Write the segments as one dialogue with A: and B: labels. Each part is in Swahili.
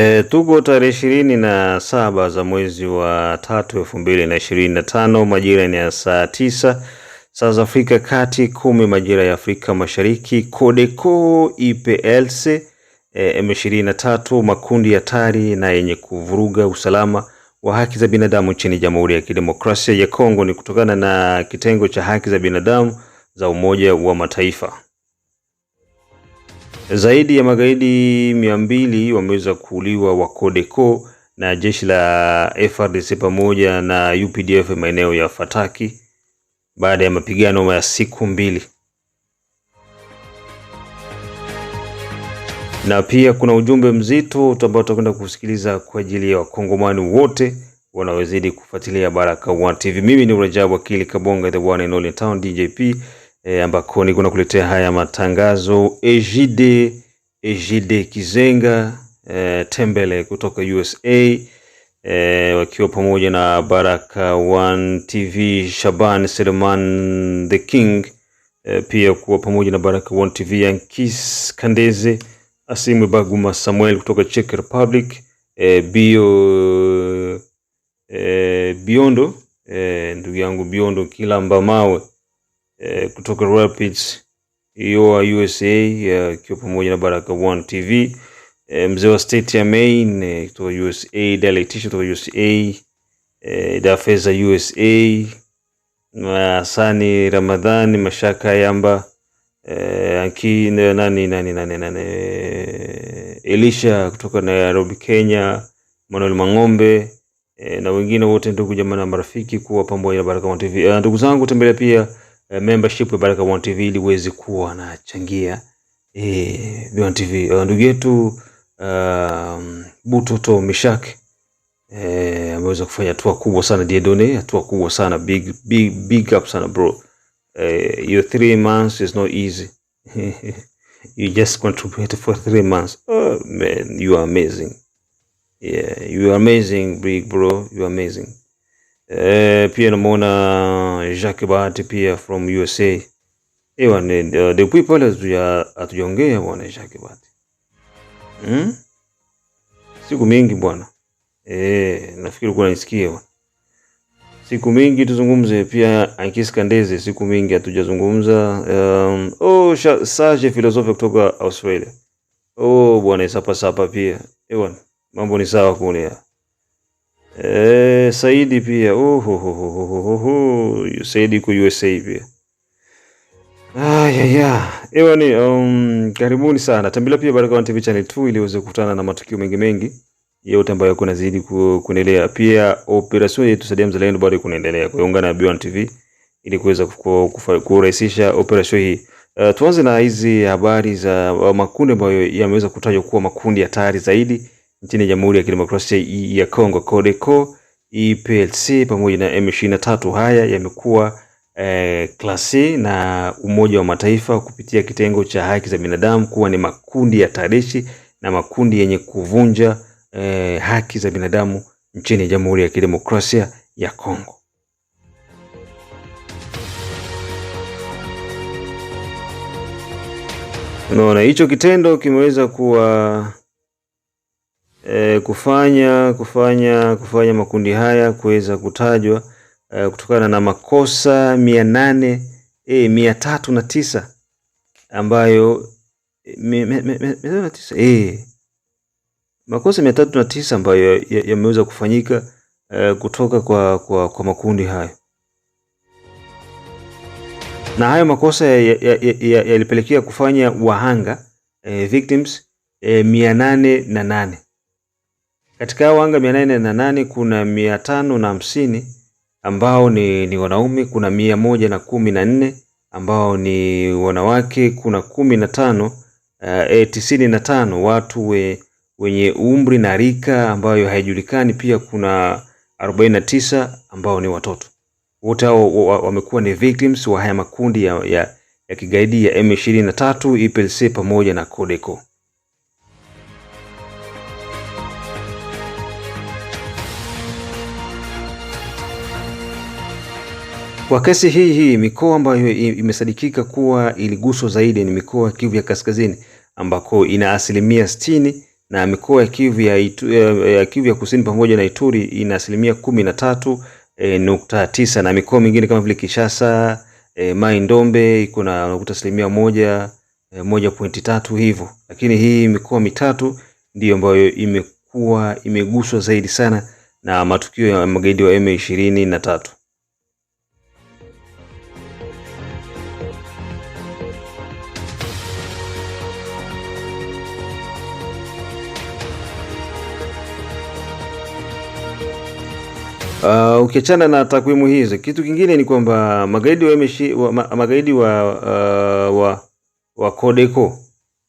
A: E, tuko tarehe ishirini na saba za mwezi wa tatu elfu mbili na ishirini na tano majira ni ya saa tisa saa za Afrika Kati, kumi majira ya Afrika Mashariki. Codeco IPLC e, eh, M23 makundi hatari na yenye kuvuruga usalama wa haki za binadamu nchini Jamhuri ya Kidemokrasia ya Kongo, ni kutokana na kitengo cha haki za binadamu za Umoja wa Mataifa. Zaidi ya magaidi mia mbili wameweza kuuliwa wa Codeco na jeshi la frdc pamoja na UPDF maeneo ya Fataki baada ya mapigano ya siku mbili. Na pia kuna ujumbe mzito ambao tutakwenda kusikiliza kwa ajili ya wakongomani wote wanaozidi kufuatilia Baraka1 TV. Mimi ni Rajabu Akili Kabonga, the one and only town DJP e, eh, ambako niko na kuletea haya matangazo Ejide Ejide Kizenga e, Tembele kutoka USA e, eh, wakiwa pamoja na Baraka One TV, Shaban Seleman the King e, pia kuwa pamoja na Baraka One TV, Yankis Kandeze, asimwe Baguma Samuel kutoka Czech Republic e, bio e, Biondo e, ndugu yangu Biondo kila mbamawe eh, kutoka Rapids hiyo e wa USA akiwa eh, pamoja na Baraka One TV eh, mzee wa state ya Maine kutoka eh, USA, dialectician kutoka USA eh, Dafeza USA Hasani Ramadhani Mashaka Yamba eh, anki nani, nani, nani, nani, Elisha kutoka Nairobi Kenya, Manuel Mang'ombe eh, na wengine wote ndugu jamaa na marafiki kuwa pamoja na Baraka1 TV. Eh, ndugu zangu tembelea pia Eh, membership ya Baraka One TV ili uweze kuwa na changia eh One TV. Uh, eh, ndugu yetu uh, um, Bututo Mishak eh, ameweza kufanya hatua kubwa sana Diedone, hatua kubwa sana big, big, big up sana bro. Uh, your three months is not easy you just contributed for three months. Oh man, you are amazing. Yeah, you are amazing, big bro. You are amazing. E, pia namuona Jacques Bahati pia from USA. Ewa ni uh, depuis pale hatujaongea bwana Jacques Bahati. Hmm? Siku mingi bwana. Eh, nafikiri kuna nisikie bwana. Siku mingi tuzungumze pia Ankis Kandeze, siku mingi hatujazungumza. Um, oh sage philosophe kutoka Australia. Oh bwana Isapa Sapa pia. Ewa mambo ni sawa ya. Eh, Saidi pia uhuhuhuhuhu oh, Saidi ku USA pia ayaya ah, ewa ni um, karibuni sana tembelea pia baraka One TV channel 2 ili uweze kukutana na matukio mengi mengi yote ambayo yako nazidi kuendelea. Pia operation yetu Saidia Mzalendo bado kunaendelea, kwa ungana na B1 TV ili kuweza kurahisisha operation hii. Uh, tuanze na hizi habari za makundi ambayo yameweza kutajwa kuwa makundi hatari zaidi nchini Jamhuri ya Kidemokrasia ya Kongo CODECO, EPLC pamoja na M23. Haya yamekuwa eh, klasi na Umoja wa Mataifa kupitia kitengo cha haki za binadamu kuwa ni makundi ya tarishi na makundi yenye kuvunja eh, haki za binadamu nchini Jamhuri ya Kidemokrasia ya Kongo. Unaona hicho kitendo kimeweza kuwa e, kufanya kufanya kufanya makundi haya kuweza kutajwa e, kutokana na makosa mia nane e, mia tatu na tisa ambayo mia tatu na tisa e, makosa mia tatu na tisa ambayo yameweza ya kufanyika e, kutoka kwa, kwa, kwa makundi hayo na hayo makosa yalipelekea ya, ya, ya kufanya wahanga eh, victims eh, mia nane na nane. Katika hao wahanga mia nane na nane kuna mia tano na hamsini ambao ni, ni wanaume, kuna mia moja na kumi na nne ambao ni wanawake, kuna kumi na tano e, tisini na tano watu we, wenye umri na rika ambayo haijulikani. Pia kuna arobaini na tisa ambao ni watoto. Wote hao wamekuwa ni victims wa haya makundi ya, ya, ya kigaidi ya M23, IPLC pamoja na Codeco. Kwa kesi hii hii, mikoa ambayo imesadikika kuwa iliguswa zaidi ni mikoa ya Kivu ya Kaskazini ambako ina asilimia sitini na mikoa ya Kivu ya, ya, Kivu ya Kusini pamoja na Ituri ina asilimia kumi na tatu e, nukta tisa na mikoa mingine kama vile Kishasa e, Mai Ndombe iko na unakuta asilimia moja e, moja pointi tatu hivyo, lakini hii mikoa mitatu ndiyo ambayo imekuwa imeguswa zaidi sana na matukio ya magaidi wa M ishirini na tatu. Uh, ukiachana na takwimu hizo kitu kingine ni kwamba magaidi wa MSH, wa, magaidi wa, uh, wa, wa Codeco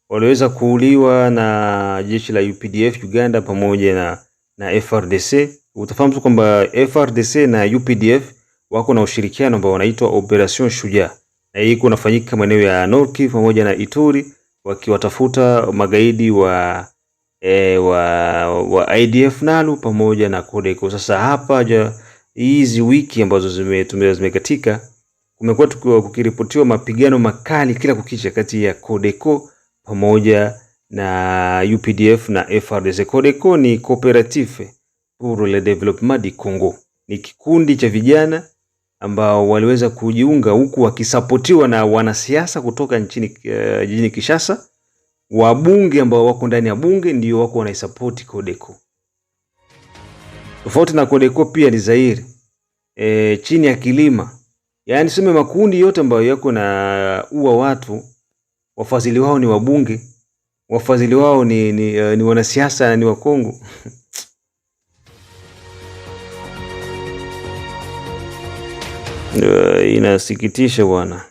A: waliweza kuuliwa na jeshi la UPDF Uganda pamoja na, na FRDC. Utafahamu kwamba FRDC na UPDF wako na ushirikiano ambao wanaitwa Operation Shujaa na hii iko nafanyika maeneo ya norki pamoja na Ituri wakiwatafuta magaidi wa e, wa, wa IDF nalo pamoja na Codeco. Sasa hapa hizi wiki ambazo zimetumia zimekatika, kumekuwa kukiripotiwa mapigano makali kila kukicha kati ya Codeco pamoja na UPDF na FRDC. Codeco ni Cooperative pour le Developpement du Congo, ni kikundi cha vijana ambao waliweza kujiunga huku wakisapotiwa na wanasiasa kutoka nchini uh, jijini kishasa wabunge ambao wako ndani ya bunge ndio wako wanaisapoti Codeco. Tofauti na Codeco pia ni Zaire e, chini ya kilima, yaani sema makundi yote ambayo yako na uwa watu wafadhili wao ni wabunge, wafadhili wao ni, ni, uh, ni wanasiasa ni wa Kongo Uh, inasikitisha bwana.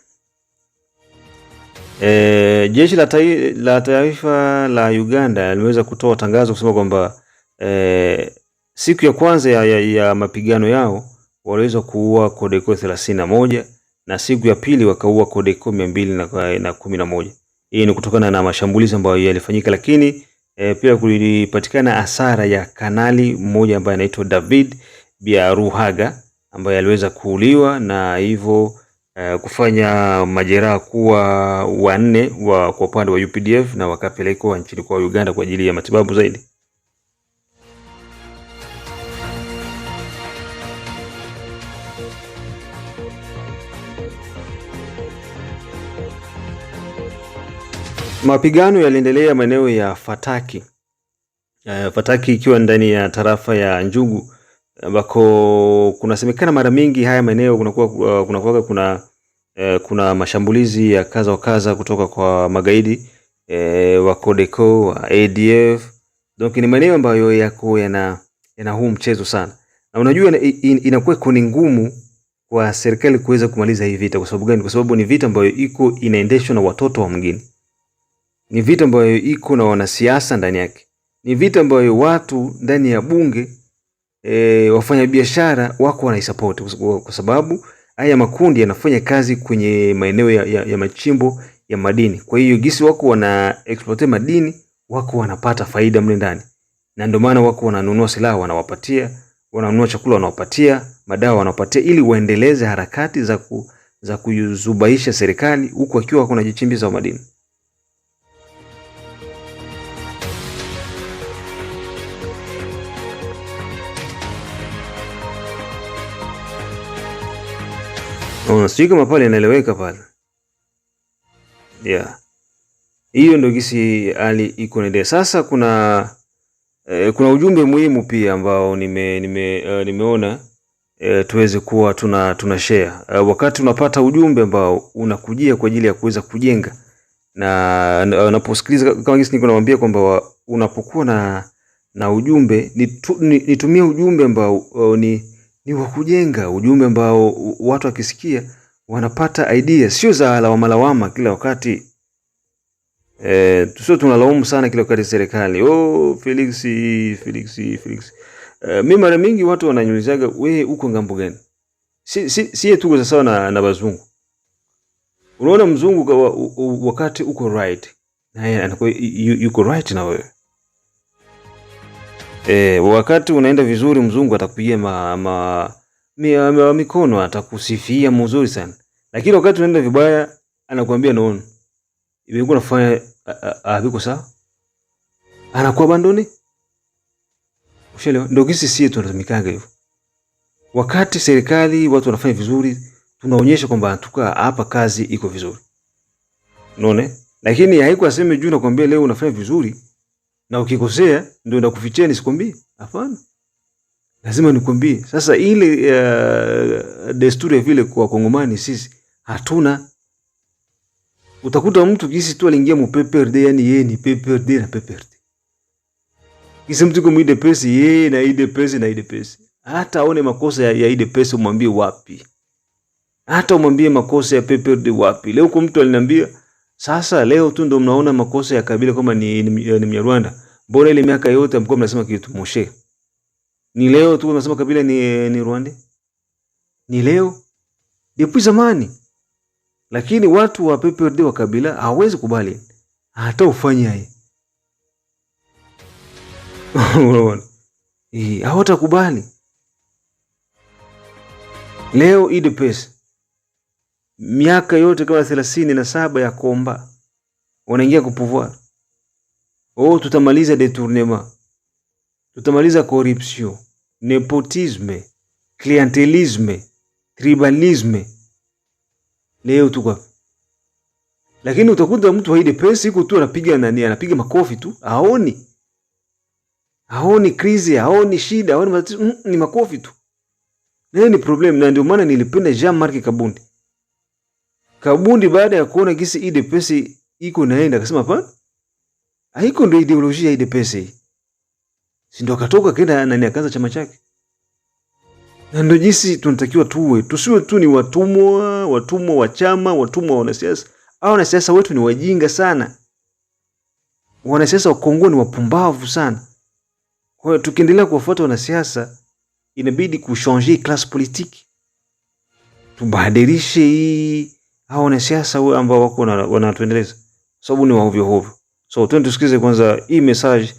A: E, jeshi la, tai, la taifa la Uganda limeweza kutoa tangazo kusema kwamba e, siku ya kwanza ya, ya, ya mapigano yao waliweza kuua Codeco thelathini na moja na siku ya pili wakaua Codeco mia mbili na kumi na moja. Hii ni kutokana na mashambulizi ambayo yalifanyika, lakini e, pia kulipatikana hasara ya kanali mmoja ambaye anaitwa David biaruhaga ambaye aliweza kuuliwa na hivyo Eh, kufanya majeraha kuwa wanne wa kwa upande wa UPDF na wakapelekwa nchini kwa Uganda kwa ajili ya matibabu zaidi. Mapigano yaliendelea maeneo ya Fataki, uh, Fataki ikiwa ndani ya tarafa ya Njugu ambako kunasemekana mara mingi haya maeneo kunakuwa uh, kuna, kuna, eh, kuna kuna mashambulizi ya kaza wa kaza kutoka kwa magaidi e, wa Codeco wa ADF. Donc ni maeneo ambayo yako yana yana huu mchezo sana, na unajua inakuwa in, ni ngumu kwa serikali kuweza kumaliza hii vita. Kwa sababu gani? Kwa sababu ni vita ambayo iko inaendeshwa na watoto wa mgini, ni vita ambayo iko na wanasiasa ndani yake, ni vita ambayo watu ndani ya bunge e, wafanyabiashara wako wanaisapoti kwa sababu haya makundi yanafanya kazi kwenye maeneo ya, ya, ya machimbo ya madini. Kwa hiyo gisi wako wana exploit madini, wako wanapata faida mle ndani, na ndio maana wako wananunua silaha wanawapatia, wananunua chakula wanawapatia, madawa wanawapatia, ili waendeleze harakati za ku, za kuzubaisha serikali huku akiwa kuna jichimbiza wa madini. Unaona, oh, sijui kama pale inaeleweka pale. Yeah. Hiyo ndio gisi hali iko naendelea. Sasa kuna eh, kuna ujumbe muhimu pia ambao nime, nime, uh, nimeona eh, tuweze kuwa tuna, tuna share. Uh, wakati unapata ujumbe ambao unakujia kwa ajili ya kuweza kujenga na unaposikiliza kama gisi niko namwambia kwamba unapokuwa na na ujumbe nitumie ujumbe ambao eh, ni ni wa kujenga, ujumbe ambao watu wakisikia wanapata idea, sio za lawama lawama kila wakati. E, tusio tunalaumu sana kila wakati serikali, oh, Felix Felix Felix. E, mimi mara mingi watu wananyulizaga we uko ngambo gani? Si si, si tuko sawa na, na bazungu. Unaona mzungu kwa, wakati uko right na yeye yuko right na wewe E, wakati unaenda vizuri, mzungu atakupigia ma, ma, ma, ma, mikono atakusifia mzuri sana, lakini wakati unaenda vibaya anakuambia naona imekuwa nafanya haviko sawa, anakuwa bandoni. Ushelewa? Ndio kisi sisi tunatumikaga hivyo. Wakati serikali watu wanafanya vizuri, tunaonyesha kwamba tuka hapa kazi iko vizuri, unaona, lakini haiko aseme juu nakwambia leo unafanya vizuri na ukikosea ndio nakufichia nisikwambie? Hapana, lazima nikwambie. Sasa ile uh, desturi ya vile kwa Kongomani sisi hatuna. Utakuta mtu kisi tu aliingia mu PPRD, yani yeye ni PPRD na PPRD, kisi mtu kwa mwide pesi yeye na ide pesi na ide pesi, hata aone makosa ya, ya ide pesi umwambie wapi, hata umwambie makosa ya PPRD wapi. Leo kwa mtu aliniambia sasa leo tu ndo mnaona makosa ya Kabila kwamba ni, ni, ni, Mnyarwanda. Mbona ile miaka yote mko mnasema kitu Moshe? Ni leo tu mnasema Kabila ni ni Rwanda? Ni leo? Depuis zamani. Lakini watu wa PPRD wa Kabila hawezi kubali. Hata ufanye yeye. Unaona? hawatakubali. Leo UDPS miaka yote kama thelathini na saba ya komba wanaingia ku pouvoir. Oh, tutamaliza detournement, tutamaliza corruption, nepotisme, clientelisme, tribalisme. Leo tuko lakini utakuta mtu haide pesa iko tu anapiga nani, anapiga makofi tu, aoni aoni krizi, aoni shida, aoni matatizo, mm, ni makofi tu. Nayo ni problem, na ndio maana nilipenda Jean Marc Kabundi Kabundi baada ya kuona gisi UDPS iko naenda akasema hapana. Haiko ndio ideolojia ya UDPS. Si ndio akatoka kenda na ni akaanza chama chake. Na ndio jinsi tunatakiwa tuwe. Tusiwe tu ni watumwa, watumwa wa chama, watumwa wa wanasiasa. Hao wanasiasa wetu ni wajinga sana. Wanasiasa wa Kongo ni wapumbavu sana. Kwa hiyo tukiendelea kuwafuata wanasiasa inabidi kushange class politique. Tubadilishe hii hao wanasiasa ambao wako wanatuendeleza, sababu ni waovyo hovyo. So twende tusikize kwanza hii message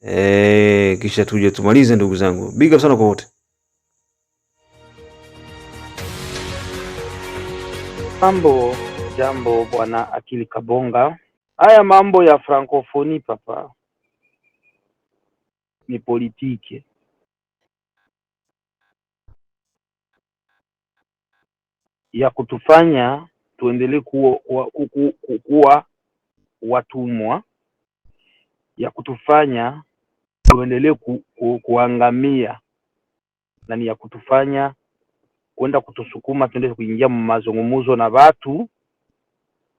A: eh, kisha tuje tumalize. Ndugu zangu, big up sana kwa wote.
B: Mambo jambo, bwana Akili Kabonga. Haya mambo ya frankofoni papa ni politiki ya kutufanya tuendelee kuwa, kuwa, kuwa watumwa ya kutufanya tuendelee ku, ku, kuangamia na ni ya kutufanya kwenda kutusukuma tuende kuingia mazungumzo na watu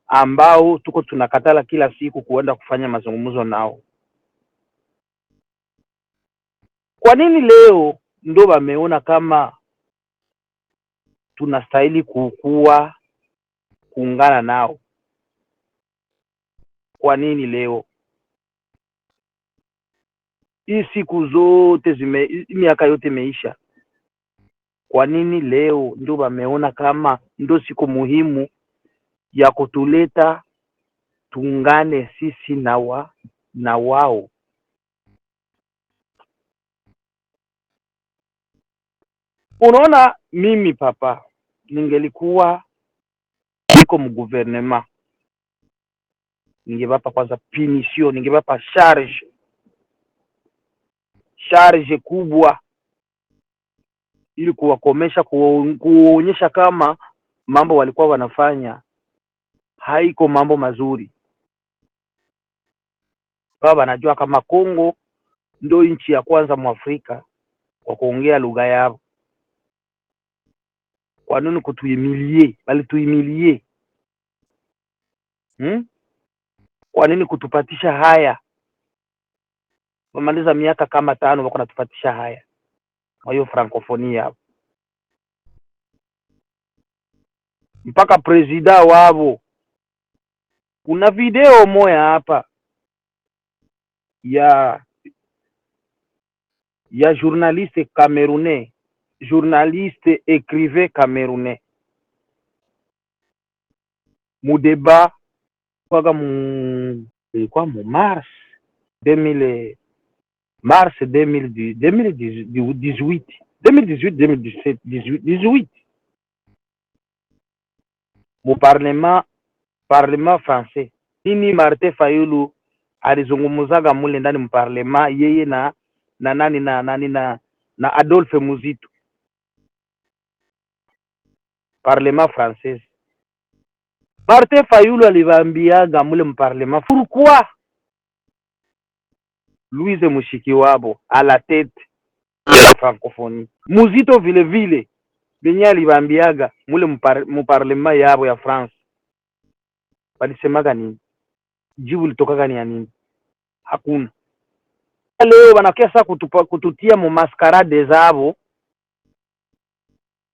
B: ambao tuko tunakatala kila siku kuenda kufanya mazungumzo nao. Kwa nini leo ndo wameona kama tunastahili kukua kuungana nao. Kwa nini leo hii siku zote zime, miaka yote imeisha, kwa nini leo ndio wameona kama ndio siku muhimu ya kutuleta tuungane sisi na wa, na wao Unaona, mimi papa, ningelikuwa mabadiliko mguvernema, ningevapa kwanza pinisio, ningevapa charge charge kubwa, ili kuwakomesha, kuonyesha kama mambo walikuwa wanafanya haiko mambo mazuri. Baba anajua kama Kongo ndo nchi ya kwanza mwafrika kwa kuongea lugha yao. Kwa nini kutuimilie? Bali tuimilie hmm? Kwa nini kutupatisha haya? Wamaliza miaka kama tano wako natupatisha haya kwa hiyo francophonie hapo mpaka presida wavo. Kuna video moya hapa ya ya journaliste camerounais, journaliste écrivain camerounais mudeba kwaga mu ilikuwa mu mars 2000 mars 2018 2018 mu parlement parlement français nini Martin Fayulu alizungumuzaga mule ndani mu parlement yeye na na nani na nani na na Adolphe Muzito parlement française Martin Fayulu alivaambiaga mule mparlema pourquoi Louise Mushikiwabo a la tete ya francophonie muzito vile vile benye alivambiaga mule muparlema yabo ya France walisemaga nini? Jibu litokaga ni ya nini? Hakuna. Leo wanakia saa kututia mu maskarade zabo,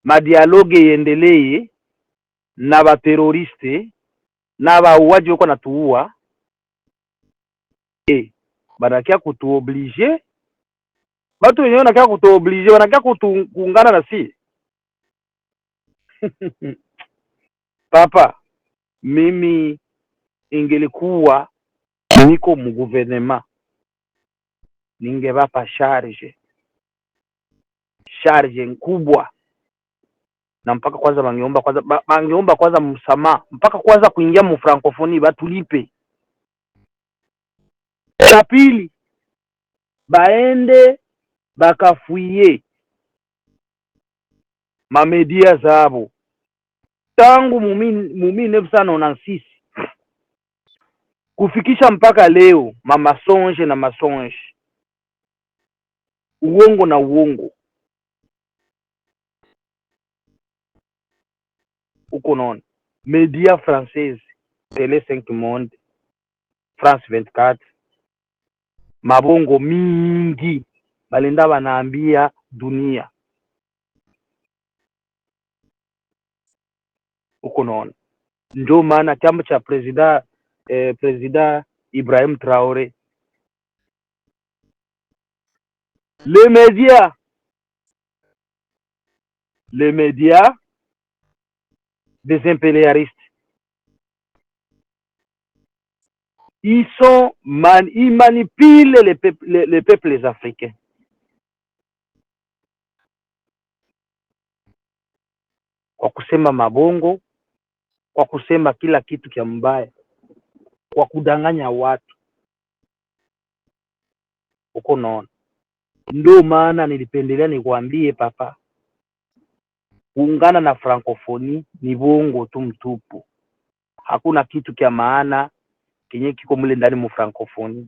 B: madialoge iendelee na bateroriste na bauaji weko natuua e, banakia kutuoblige batu wenyewe wanakia kutuoblige, wanakia kutuungana na si papa, mimi ingelikuwa niko muguvernema ningebapa charge charge nkubwa na mpaka kwanza bangeomba kwanza bangeomba kwanza msamaha mpaka kwanza kuingia mu batulipe. la pili baende bakafuye mamedia zabo tangu mumi mumi elfu na sisi kufikisha mpaka leo, mamasonge na masonge, uongo na uongo huko naona media française tele 5 monde france 24 mabongo mingi balenda banaambia dunia huko naona ndio maana chama cha presida eh, presida Ibrahim Traore les médias les médias des Ils, sont, man, ils manipulent les peuples, les, les peuples africains. Kwa kusema mabongo, kwa kusema kila kitu kia mbaya, kwa kudanganya watu uko naona. Ndio maana nilipendelea nikwambie papa kuungana na frankofoni ni bongo tu mtupu, hakuna kitu kya maana kenye kiko mule ndani mu frankofoni,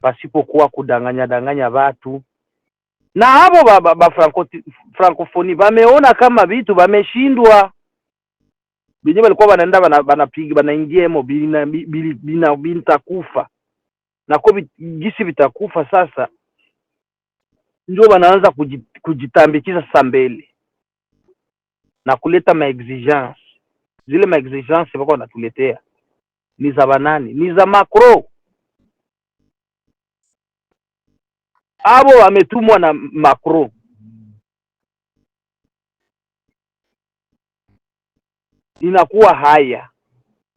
B: pasipokuwa kudanganya danganya watu na hapo ba, ba, ba franko, frankofoni bameona kama vitu bameshindwa binye balikuwa banaenda wanapiga banaingiemo bina, bina, bina, bina, bina, bina, bina, bina, bina, bina, nako gisi vitakufa sasa ndio wanaanza kujitambikiza sasa mbele na kuleta maexigence. Zile maexigence wako wanatuletea ni za banani? Ni za Macron. Abo wametumwa na Macron. Inakuwa haya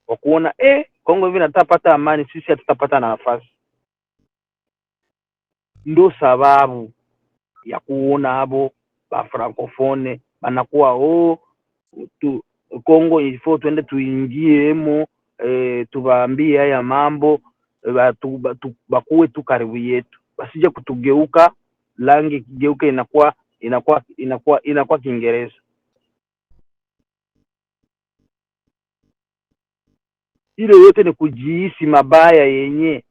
B: kwa kuona eh, Kongo hivi natapata amani, sisi hatutapata nafasi, ndo sababu ya kuona ba bafrancofone banakuwa o oh, tu, Kongo ifo twende tuingiemo, e, eh, tubaambie haya mambo bakuwe tu, karibu yetu, basije kutugeuka langi kigeuke inakuwa inakuwa inakuwa inakuwa Kiingereza. Ile yote ni kujiisi mabaya yenye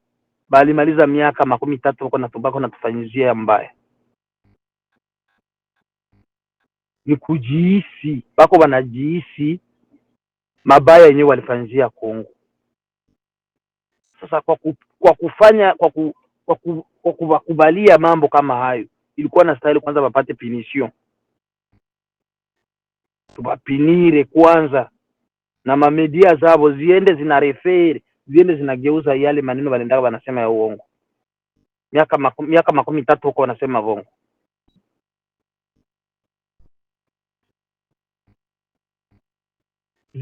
B: balimaliza miaka makumi tatu bako natubako natufanyizia mbaya. ni kujiisi, bako wanajiisi mabaya yenyewe walifanyia Kongo. Sasa kwa, ku, kwa kufanya kwa, ku, kwa, ku, kwa kuwakubalia mambo kama hayo, ilikuwa na stahili kwanza wapate punition, tubapinire kwanza, na mamedia zabo ziende zina referi ziende zinageuza yale maneno walendaka wanasema ya uongo miaka makumi, miaka makumi tatu huko wanasema vongo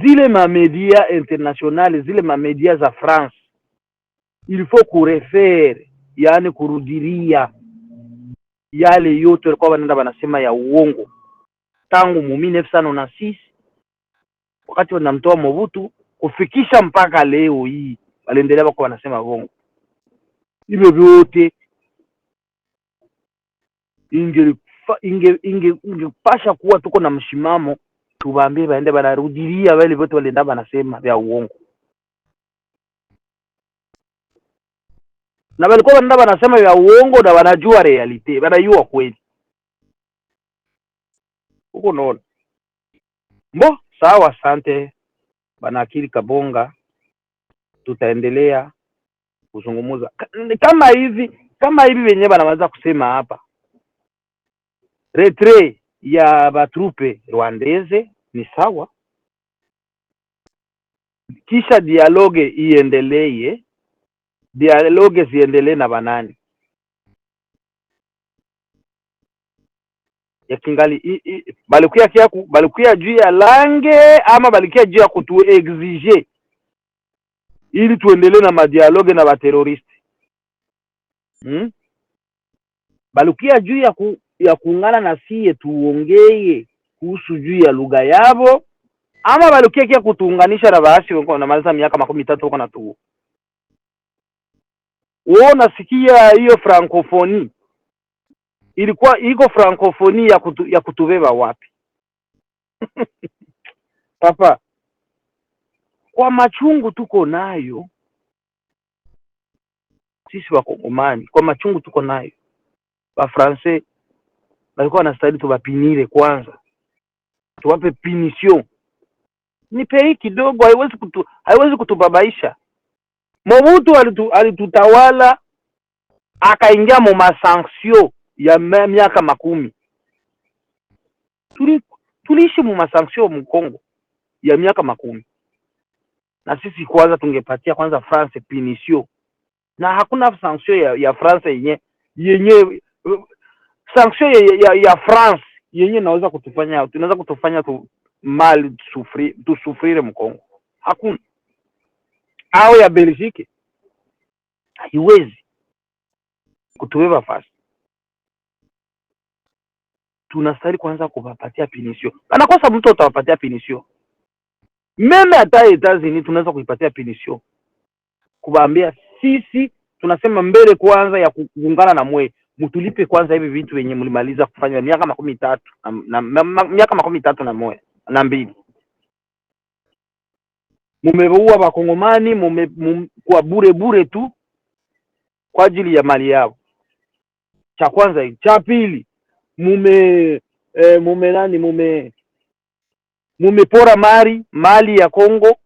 B: zile mamedia internationale zile mamedia za France ilifo kurefere, yaani kurudiria yale yote walikuwa wanaenda wanasema ya uongo tangu mu 1996 wakati wanamtoa Mobutu kufikisha mpaka leo hii, waliendelea wako wanasema uongo. Hivyo vyote ingepasha inge, inge, inge kuwa tuko na mshimamo tuwaambie waende, wanarudilia wale wote walienda wanasema vya uongo, na walikuwa wanaenda wanasema vya uongo na wanajua realite, wanajua kweli huko. Naona mbo sawa, asante bana akili kabonga, tutaendelea kuzungumuza kama hivi kama hivi wenyewe wanaweza kusema hapa retre ya batrupe rwandeze ni sawa, kisha dialoge iendelee, dialoge ziendelee na banani yakingali balikuya kiaku balikuya juu ya lange ama balikuya juu ya kutuexige ili tuendelee na madialoge na bateroristi hmm? balikuya juu ya ku ya kuungana na siye tuongeye kuhusu juu ya lugha yabo, ama balukie kia kutuunganisha na baasi wako na miaka makumi tatu wako na tuo wao. Nasikia hiyo francophonie ilikuwa iko francophonie ya, kutu, ya kutubeba wapi? Papa, kwa machungu tuko nayo sisi Wakongomani, kwa machungu tuko nayo Wafransai balikuwa wanastahili tubapinire kwanza, tuwape punition. Ni pei kidogo, haiwezi kutu, haiwezi kutubabaisha. Mobutu alitu, alitutawala akaingia mu masanction ya miaka makumi tuli, tuliishi mu masanction mu Kongo ya miaka makumi na sisi kwanza tungepatia kwanza France pinisio na hakuna sanction ya, ya France yenye yenye sanction ya, ya, ya France yenye inaweza kutufanya tunaweza kutufanya tu mali sufri tusufrire Mkongo, hakuna au ya Belgique haiwezi kutuweva fasi. Tunastahili kwanza kuwapatia pinisio, anakosa mtu atawapatia pinisio meme, hata etazini tunaweza kuipatia pinisio, kuwaambia sisi tunasema mbele kwanza ya kuungana na mwee mtulipe kwanza hivi vitu wenye mlimaliza kufanya miaka makumi tatu na, na, na, miaka makumi tatu na moja na mbili mumeua Wakongomani mume, mume, kwa bure bure tu kwa ajili ya mali yao. Cha kwanza hii. Cha pili mume eh, mume nani mume mumepora mali mali ya Kongo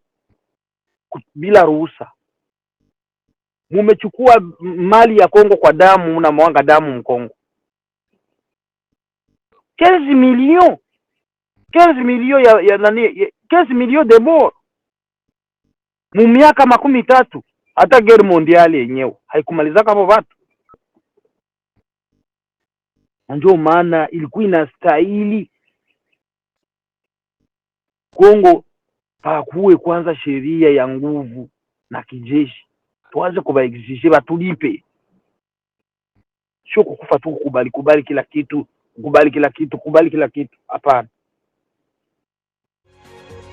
B: bila ruhusa mumechukua mali ya Kongo kwa damu, mnamwanga damu Mkongo. 15 millions 15 millions ya, ya nani ya, 15 millions de mort mu miaka makumi tatu. Hata guerre mondiale yenyewe haikumalizaka hao watu, ndio maana ilikuwa inastahili Kongo pakuwe kwanza sheria ya nguvu na kijeshi tuanze kuvaexige batulipe, sio kukufa tu kukubali kubali kila kitu, kukubali kila kitu, kukubali kila kitu, hapana.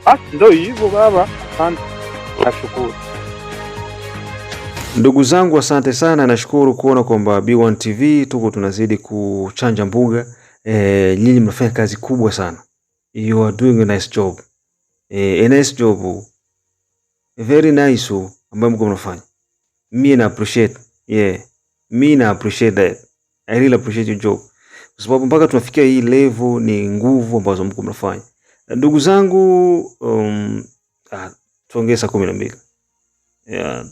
B: Basi ndio hivyo baba, asante, nashukuru ndugu zangu, asante sana. Nashukuru kuona kwamba B1 TV tuko tunazidi kuchanja mbuga. E, nyinyi mnafanya kazi kubwa sana, you are doing a nice job, e, a nice job, very nice ambayo mko mnafanya me na appreciate yeah, me na appreciate that, I really appreciate your job, kwa sababu mpaka tunafikia hii level ni nguvu ambazo mko mnafanya. Ndugu zangu, um, ah, tuongee saa kumi na mbili yeah,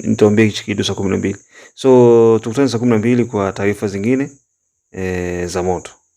B: nitaambia hichi kitu saa kumi na mbili so tukutane saa kumi na mbili kwa taarifa zingine eh, za moto.